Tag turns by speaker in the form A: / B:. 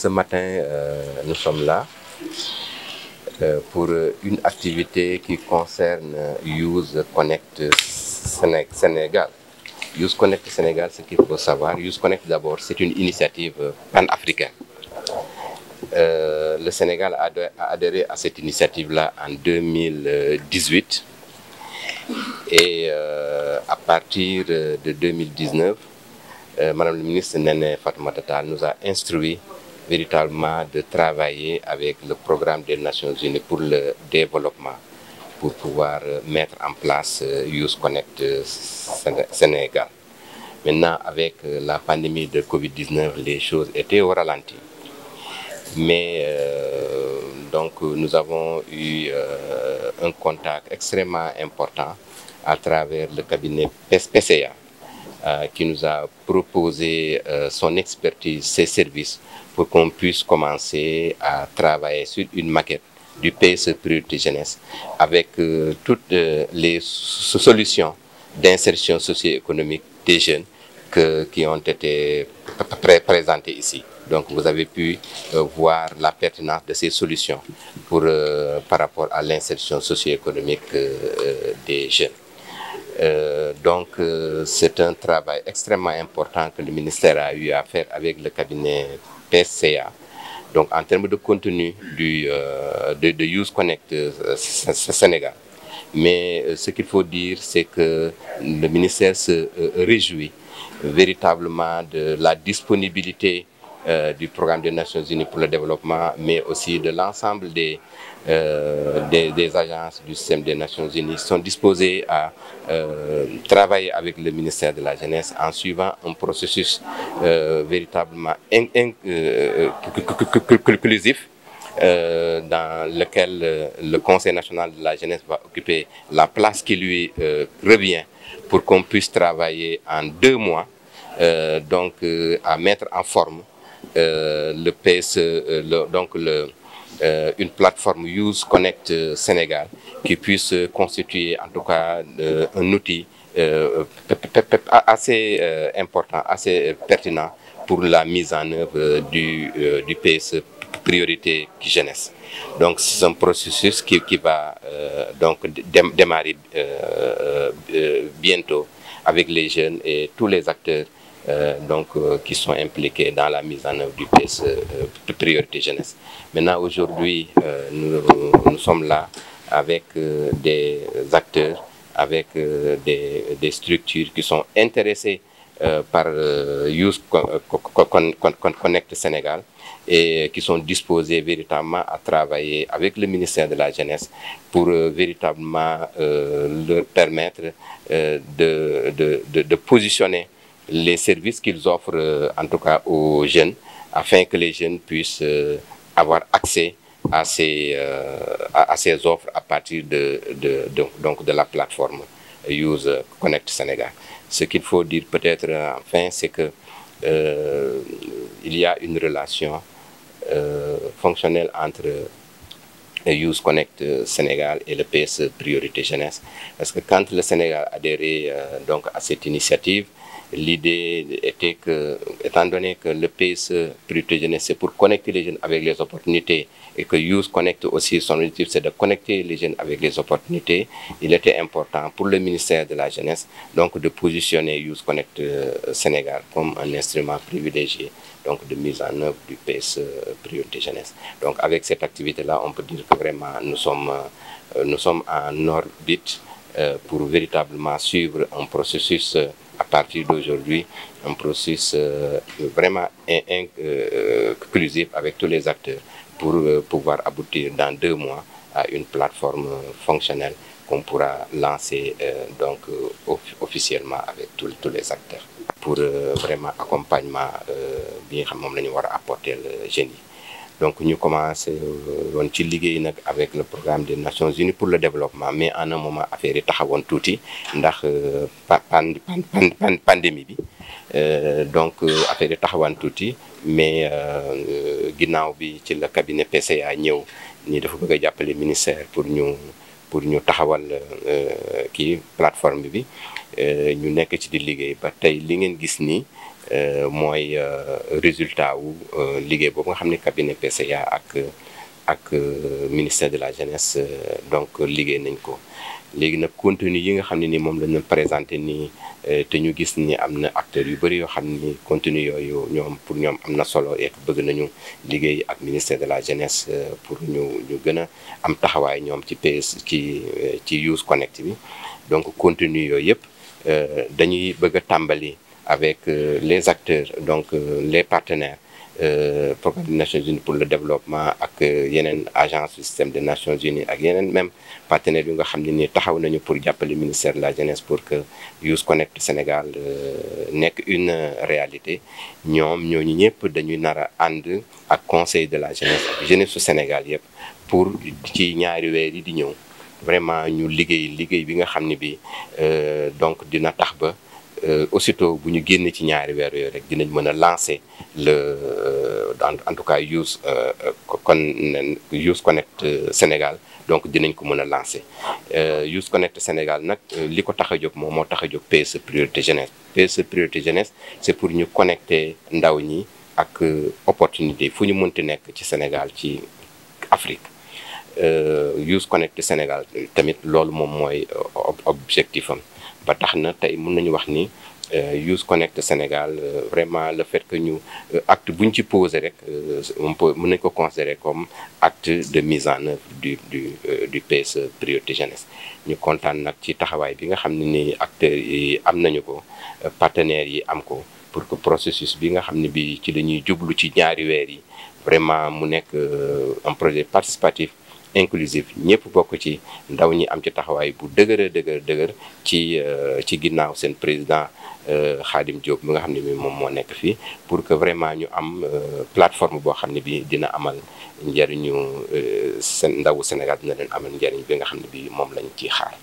A: Ce matin, euh, nous euh, pour une activité qui concerne Use euh, Connect Sénégal. Use Connect Sénégal, ce qu'il faut savoir, Use Connect d'abord, c'est une initiative panafricaine. Euh, le Sénégal a, adhéré, a adhéré à cette initiative-là en 2018 et euh, à partir de 2019, Madame le ministre Néné Fatoumata Tall nous a instruit véritablement de travailler avec le programme des Nations Unies pour le développement, pour pouvoir euh, mettre en place euh, Youth Connect euh, Sénégal. Maintenant, avec la pandémie de Covid-19, les choses étaient au ralenti. Mais euh, donc, nous avons eu un contact extrêmement important à travers le cabinet PCA Euh, qui nous a proposé euh, son expertise, ses services, pour qu'on puisse commencer à travailler sur une maquette du PSE Priorité Jeunesse avec euh, toutes les solutions d'insertion socio-économique des jeunes que, qui ont été pré ici. Donc vous avez pu voir la pertinence de ces solutions pour, euh, par rapport à l'insertion socio-économique euh, des jeunes. Euh, donc euh, c'est un travail extrêmement important que le ministère a eu à faire avec le cabinet PCA. Donc en termes de contenu du, euh, de, de Use Connect euh, Sénégal. Mais euh, ce qu'il faut dire, c'est que le ministère se euh, réjouit véritablement de la disponibilité euh, du programme des Nations Unies pour le développement, mais aussi de l'ensemble des, euh, des, des, agences du système des Nations Unies sont disposées à euh, travailler avec le ministère de la Jeunesse en suivant un processus euh, véritablement inclusif. Euh, euh, euh, dans lequel euh, le Conseil national de la jeunesse va occuper la place qui lui euh, revient pour qu'on puisse travailler en deux mois, donc à mettre en forme Euh, le PSE euh, le, donc le euh, une plateforme Youth Connect Sénégal qui puisse constituer en tout cas un outil assez important assez pertinent pour la mise en œuvre du du PSE priorité jeunesse donc c'est un processus qui qui va euh, donc démarrer euh, euh, bientôt avec les jeunes et tous les acteurs Euh, donc euh, qui sont impliqués dans la mise en œuvre du PSE euh, de priorité jeunesse. Maintenant, aujourd'hui, nous, nous sommes là avec des acteurs, avec des, des structures qui sont intéressées euh, par euh, Youth Connect Sénégal et qui sont disposés véritablement à travailler avec le ministère de la Jeunesse pour euh, véritablement leur permettre de, de, de, de positionner les services qu'ils offrent, euh, en tout cas aux jeunes, afin que les jeunes puissent euh, avoir accès à ces, euh, à, à, ces offres à partir de, de, de, donc de la plateforme Use Connect Sénégal. Ce qu'il faut dire peut-être euh, enfin, c'est que il y a une relation fonctionnelle entre Use Connect Sénégal et le PS e Priorité Jeunesse. Parce que quand le Sénégal adhérait donc à cette initiative, L'idée était que, étant donné que le PSE Priorité Jeunesse, c'est pour connecter les jeunes avec les opportunités et que Youth Connect aussi, son objectif, c'est de connecter les jeunes avec les opportunités, il était important pour le ministère de la Jeunesse donc de positionner Youth Connect euh, Sénégal comme un instrument privilégié donc de mise en œuvre du PSE euh, Priorité Jeunesse. Donc avec cette activité-là, on peut dire que vraiment nous sommes, euh, nous sommes en orbite pour véritablement suivre un processus à partir d'aujourd'hui un processus euh, vraiment euh, inclusif avec tous les acteurs pour euh, pouvoir aboutir dans deux mois à une plateforme fonctionnelle qu'on pourra lancer euh, donc euh, officiellement avec tous tous les acteurs pour euh, vraiment accompagnement bi nga xam moom la ñu war a apporter le génie donc ñu commencé euh, woon ci liggéey nag avec le programme des Nations Unies pour le développement mais en un moment affaire yi tuuti ndax euh, pan pan pandémie bi euh, donc affaire yi taxawaan tuuti mais ginnaaw bi ci la cabinet PCA ñëw nii dafa bëgg jàppale ministère pour ñu pour ñu taxawal kii plateforme bi ñu nekk ci di liggéey ba tey li ngeen gis nii Euh, mooy euh, résultat wu euh, liggéey boobu nga xam ne cabinet PCA ak ak ministère de la jeunesse donc liggéey nañ ko léegi nag contenu yi nga xam ne ni moom lañ doon présenté nii te ñu gis ni am na acteurs yu bëri yoo xam ni contenu yooyu ñoom pour ñoom am na solo et bëgg nañu liggéey ak ministère de la jeunesse pour ñu ñu gën a am taxawaay ñoom ci PS ci ci Youth Connect bi donc contenu yooyu yëpp dañuy bëgg a tàmbali. avec euh, les acteurs donc euh, les partenaires euh, programme des Nations Unies pour le développement ak yeneen agence du système de Nations Unies ak yeneen même partenaires bi nga xam ne nii taxaw nañu pour jàppale ministère de la jeunesse pour que Youth Connect Sénégal nekk une réalité ñoom ñooñu ñëpp dañuy nar a ànd ak conseil de la jeunesse ak jeunesse su Sénégal yëpp pour ci ñaari weer yi di ñëw vraiment ñu liggéey liggéey bi nga xam ne bi donc dina tax ba Euh, aussitôt bu ñu génnee ci ñaari weer yooyu rek dinañ mën a lancer le euh, en tout cas use kon use connect euh, Sénégal donc dinañ ko mën a lancer use connect Sénégal nag li ko tax a jóg moom moo tax a jóg PSE priorité jeunesse PSE priorité jeunesse c'est pour ñu connecter ndaw ñi ak opportunité fu ñu mënti nekk ci Sénégal ci Afrique use connect Sénégal tamit loolu moom mooy objectif am ba tax na tey mun nañu wax ni euh, Youth Connect Sénégal euh, vraiment le fait que ñu euh, acte buñ ci posé rek on peut mën nañ ko considérer comme acte de mise en œuvre du du du e priorité jeunesse ñu kontaan nag ci taxawaay bi nga xam ne ni acteurs yi am nañu ko partenaires yi am ko pour que processus bi nga xam ne bi ci la ñuy jublu ci ñaari weer yi vraiment mu nekk un projet participatif inclusive ñëpp bokk ci ndaw ñi am ci taxawaay bu dëgër dëgër dëgër ci euh, ci ginnaaw seen président euh, Khadim Diop mi nga xam ne bi moom moo nekk fii pour que vraiment ñu am euh, plateforme boo xam ne bi dina amal njëriñu seen ndawu Sénégal dina leen amal njëriñ bi nga xam ne bi moom lañ ciy xaar